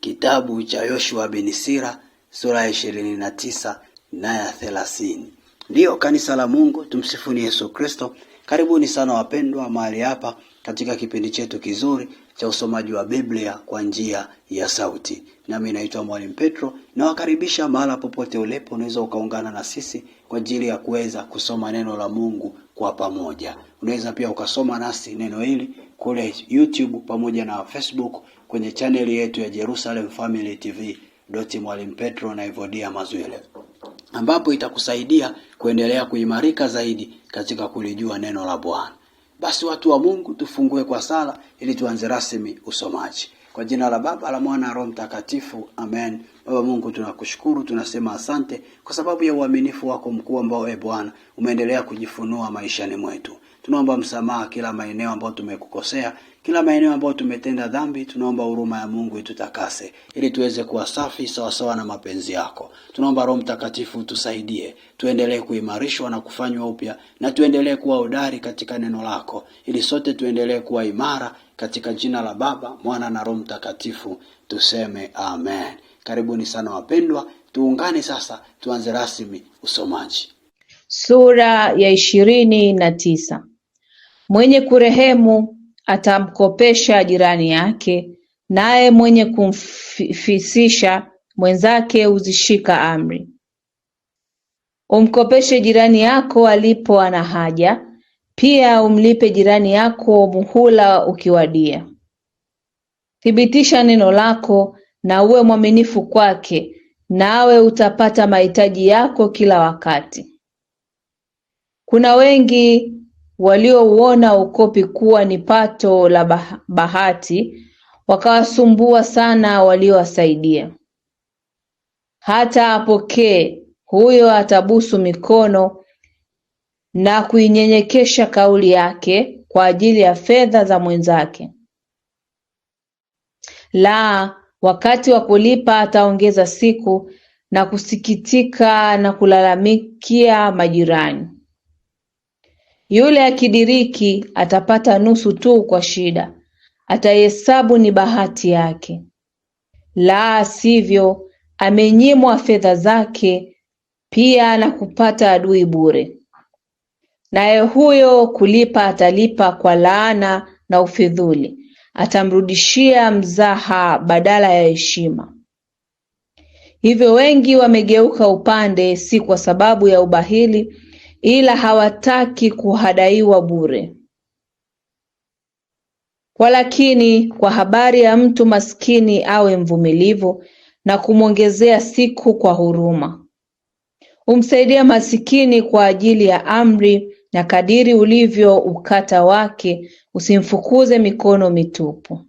Kitabu cha Yoshua bin Sira sura ya ishirini na tisa na ya thelathini. Ndiyo kanisa la Mungu, tumsifuni Yesu Kristo. Karibuni sana wapendwa mahali hapa katika kipindi chetu kizuri cha usomaji wa Biblia kwa njia ya sauti. Nami naitwa Mwalimu Petro, nawakaribisha mahala popote ulipo, unaweza ukaungana na sisi kwa ajili ya kuweza kusoma neno la Mungu kwa pamoja. Unaweza pia ukasoma nasi neno hili kule YouTube pamoja na Facebook kwenye chaneli yetu ya Jerusalem Family TV doti Mwalimu Petro na Evodia Mazwile ambapo itakusaidia kuendelea kuimarika zaidi katika kulijua neno la Bwana. Basi watu wa Mungu, tufungue kwa sala ili tuanze rasmi usomaji. Kwa jina la Baba la Mwana Roho Mtakatifu, amen. Baba Mungu, tunakushukuru tunasema asante kwa sababu ya uaminifu wako mkuu ambao, e Bwana, umeendelea kujifunua maishani mwetu. Tunaomba msamaha kila maeneo ambayo tumekukosea kila maeneo ambayo tumetenda dhambi, tunaomba huruma ya Mungu itutakase ili tuweze kuwa safi sawasawa na mapenzi yako. Tunaomba Roho Mtakatifu tusaidie, tuendelee kuimarishwa na kufanywa upya, na tuendelee kuwa hodari katika neno lako, ili sote tuendelee kuwa imara katika jina la Baba, Mwana na Roho Mtakatifu, tuseme amen. Karibuni sana wapendwa, tuungane sasa, tuanze rasmi usomaji sura ya ishirini na tisa. Mwenye kurehemu atamkopesha jirani yake, naye mwenye kumfisisha mwenzake huzishika amri. Umkopeshe jirani yako alipo ana haja, pia umlipe jirani yako muhula ukiwadia. Thibitisha neno lako na uwe mwaminifu kwake, nawe utapata mahitaji yako kila wakati. Kuna wengi waliouona ukopi kuwa ni pato la bahati wakawasumbua sana waliowasaidia hata apokee huyo atabusu mikono na kuinyenyekesha kauli yake kwa ajili ya fedha za mwenzake. La, wakati wa kulipa ataongeza siku na kusikitika na kulalamikia majirani. Yule akidiriki atapata nusu tu kwa shida, atahesabu ni bahati yake; la sivyo amenyimwa fedha zake pia na kupata adui bure. Naye huyo kulipa atalipa kwa laana na ufidhuli, atamrudishia mzaha badala ya heshima. Hivyo wengi wamegeuka upande, si kwa sababu ya ubahili ila hawataki kuhadaiwa bure walakini kwa habari ya mtu maskini awe mvumilivu na kumwongezea siku kwa huruma. Umsaidia masikini kwa ajili ya amri, na kadiri ulivyo ukata wake usimfukuze mikono mitupu.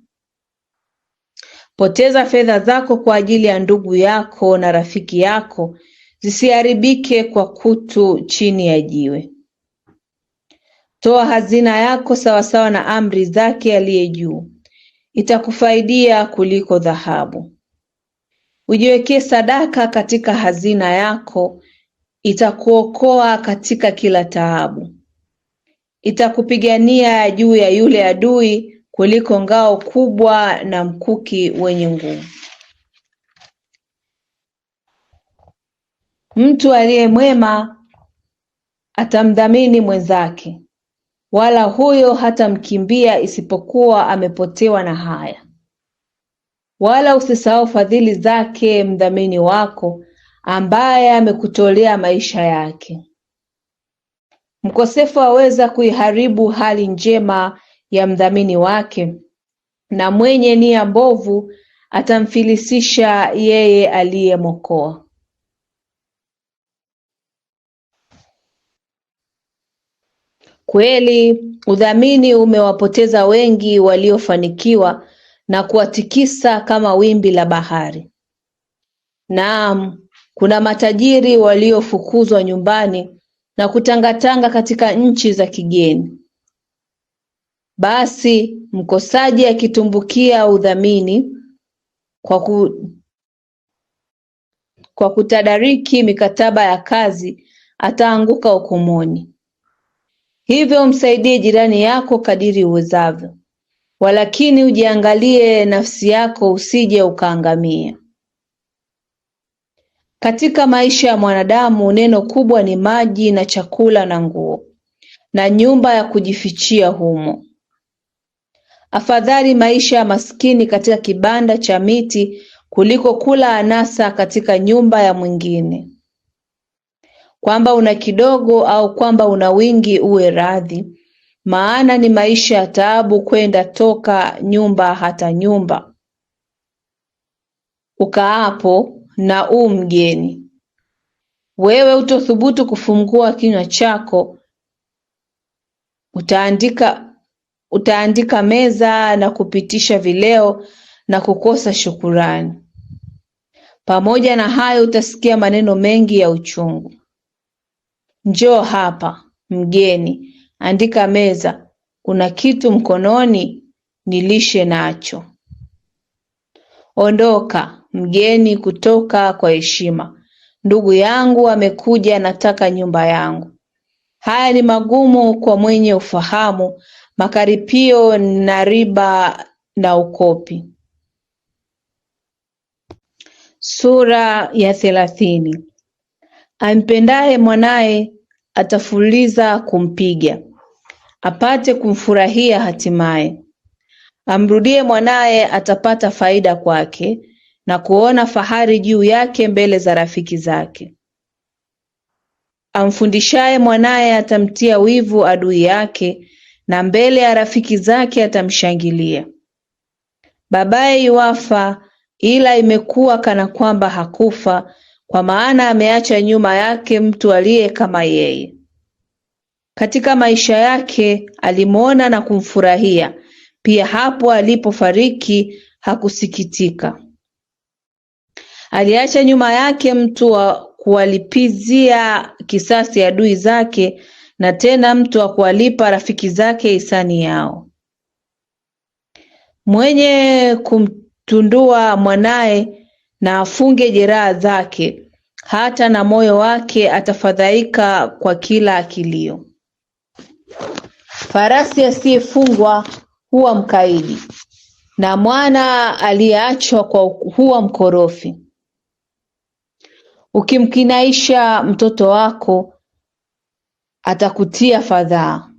Poteza fedha zako kwa ajili ya ndugu yako na rafiki yako, zisiharibike kwa kutu chini ya jiwe. Toa hazina yako sawasawa na amri zake aliye juu, itakufaidia kuliko dhahabu. Ujiwekee sadaka katika hazina yako, itakuokoa katika kila taabu. Itakupigania juu ya yule adui kuliko ngao kubwa na mkuki wenye nguvu. Mtu aliye mwema atamdhamini mwenzake, wala huyo hatamkimbia isipokuwa amepotewa na haya. Wala usisahau fadhili zake mdhamini wako, ambaye amekutolea maisha yake. Mkosefu aweza kuiharibu hali njema ya mdhamini wake, na mwenye nia mbovu atamfilisisha yeye aliyemokoa Kweli udhamini umewapoteza wengi waliofanikiwa na kuwatikisa kama wimbi la bahari. Naam, kuna matajiri waliofukuzwa nyumbani na kutangatanga katika nchi za kigeni. Basi mkosaji akitumbukia udhamini kwa ku... kwa kutadariki mikataba ya kazi ataanguka ukomoni. Hivyo msaidie jirani yako kadiri uwezavyo, walakini ujiangalie nafsi yako usije ukaangamia. Katika maisha ya mwanadamu neno kubwa ni maji na chakula na nguo na nyumba ya kujifichia humo. Afadhali maisha ya maskini katika kibanda cha miti kuliko kula anasa katika nyumba ya mwingine kwamba una kidogo au kwamba una wingi uwe radhi, maana ni maisha ya taabu kwenda toka nyumba hata nyumba, ukaapo na u mgeni. Wewe utothubutu kufungua kinywa chako, utaandika utaandika meza na kupitisha vileo na kukosa shukurani. Pamoja na hayo utasikia maneno mengi ya uchungu. Njoo hapa mgeni, andika meza, kuna kitu mkononi nilishe nacho. Ondoka mgeni kutoka kwa heshima, ndugu yangu amekuja, nataka nyumba yangu. Haya ni magumu kwa mwenye ufahamu, makaripio na riba na ukopi. Sura ya thelathini. Ampendaye mwanaye atafuliza kumpiga, apate kumfurahia hatimaye. Amrudie mwanaye atapata faida kwake, na kuona fahari juu yake mbele za rafiki zake. Amfundishaye mwanaye atamtia wivu adui yake, na mbele ya rafiki zake atamshangilia. Babaye yuafa, ila imekuwa kana kwamba hakufa kwa maana ameacha nyuma yake mtu aliye kama yeye. Katika maisha yake alimwona na kumfurahia, pia hapo alipofariki hakusikitika. Aliacha nyuma yake mtu wa kuwalipizia kisasi adui zake, na tena mtu wa kuwalipa rafiki zake hisani yao. Mwenye kumtundua mwanaye na afunge jeraha zake, hata na moyo wake atafadhaika kwa kila akilio. Farasi asiyefungwa huwa mkaidi, na mwana aliyeachwa kwa huwa mkorofi. Ukimkinaisha mtoto wako atakutia fadhaa,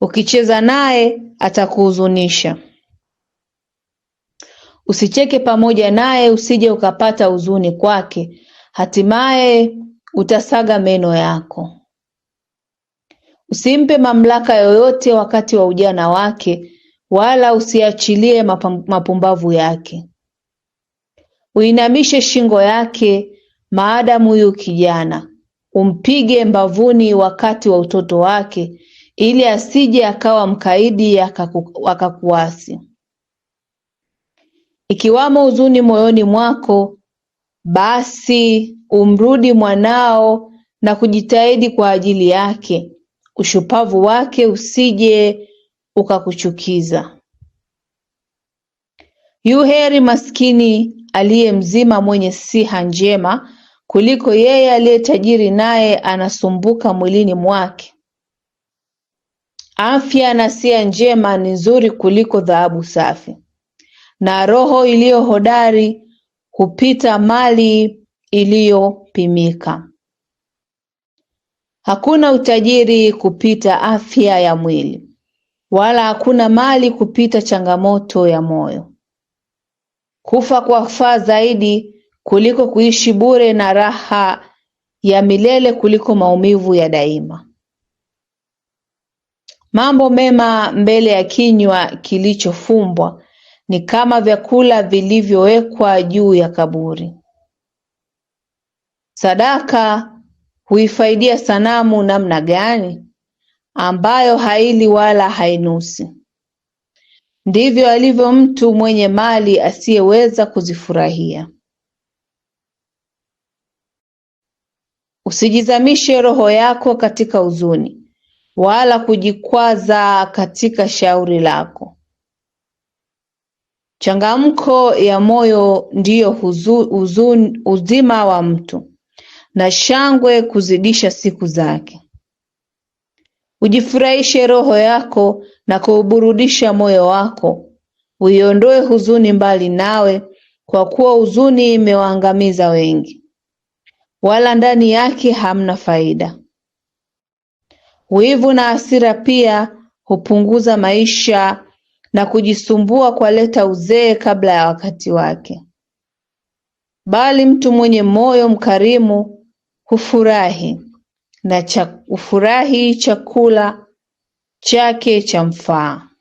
ukicheza naye atakuhuzunisha. Usicheke pamoja naye usije ukapata huzuni kwake, hatimaye utasaga meno yako. Usimpe mamlaka yoyote wakati wa ujana wake, wala usiachilie mapumbavu yake. Uinamishe shingo yake maadamu huyu kijana, umpige mbavuni wakati wa utoto wake, ili asije akawa mkaidi akakuasi ikiwamo huzuni moyoni mwako, basi umrudi mwanao na kujitahidi kwa ajili yake, ushupavu wake usije ukakuchukiza. Yu heri maskini aliye mzima mwenye siha njema kuliko yeye aliye tajiri naye anasumbuka mwilini mwake. Afya na siha njema ni nzuri kuliko dhahabu safi na roho iliyo hodari hupita mali iliyopimika. Hakuna utajiri kupita afya ya mwili, wala hakuna mali kupita changamoto ya moyo. Kufa kwa faa zaidi kuliko kuishi bure, na raha ya milele kuliko maumivu ya daima. Mambo mema mbele ya kinywa kilichofumbwa, ni kama vyakula vilivyowekwa juu ya kaburi. Sadaka huifaidia sanamu namna gani? Ambayo haili wala hainusi. Ndivyo alivyo mtu mwenye mali asiyeweza kuzifurahia. Usijizamishe roho yako katika huzuni, wala kujikwaza katika shauri lako, Changamko ya moyo ndiyo uzima wa mtu, na shangwe kuzidisha siku zake. Ujifurahishe roho yako na kuuburudisha moyo wako, uiondoe huzuni mbali nawe, kwa kuwa huzuni imewaangamiza wengi, wala ndani yake hamna faida. Wivu na hasira pia hupunguza maisha na kujisumbua kwaleta uzee kabla ya wakati wake bali mtu mwenye moyo mkarimu hufurahi na hufurahi chakula chake cha mfaa